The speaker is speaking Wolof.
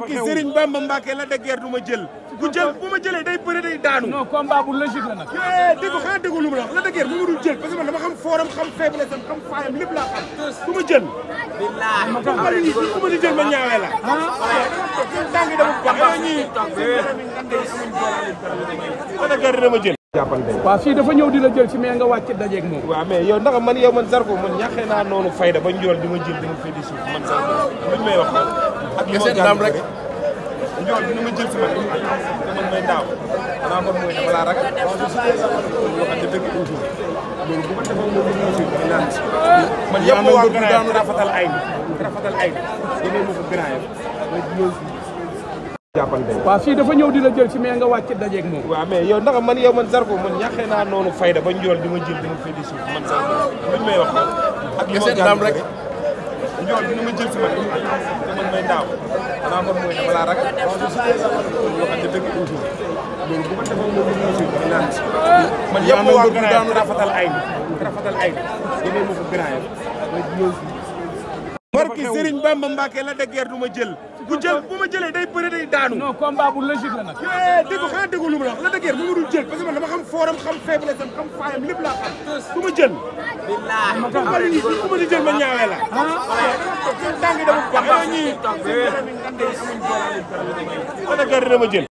barki Serigne Bamba Mbacké la de guerre du ma jël bu jël bu ma jëlee day bëri day daanu non combat bu logique la nag eh, lu de guerre bu ma dul jël parce que man dama xam fooram xam faiblesse am xam faayam ma jël billahi ñi bu ma di jël ma ñaawee la dangi dama baax ñi la de guerre dama jël waaw dafa ñëw di la jël ci mais nga wàcc dajeeg moom waaw mais yow ndax man yow man Zarko man ñàkkee naa noonu fayda ba njool di ma jël di ma fay di suuf man Zarko luñ may wax seen ndam rek ma jël si man te man may daaw xanaa kon waa gën ay rafatal ay yéen ma a yem waaw fii dafa ñëw di la jël si mais nga wàcc dajeeg moom waaw mais yow ndax man yow man Zarko man ñàkkee naa noonu fayda ba njool di ma jël di ma fay di suuf man Zarko luñ may wax ak li ma rek ma daaw xanaa kon mooy dama ma defoon moom ñu ngi fi naan man yëpp waa Garaayam rafatal ay rafatal ay yéen ma ko Garaayam ma ñëw fi barki Serigne Bamba Mbacke la de du ma jël ku jël bu ma jëlee day bëri day daanu non combat bu logique la nag eh, ma la de guerre bu ma dul fooram xam faiblesse am xam faayam lépp laa xam du ma jël billahi ma di jël ma ñaawee ku ne garde dama jël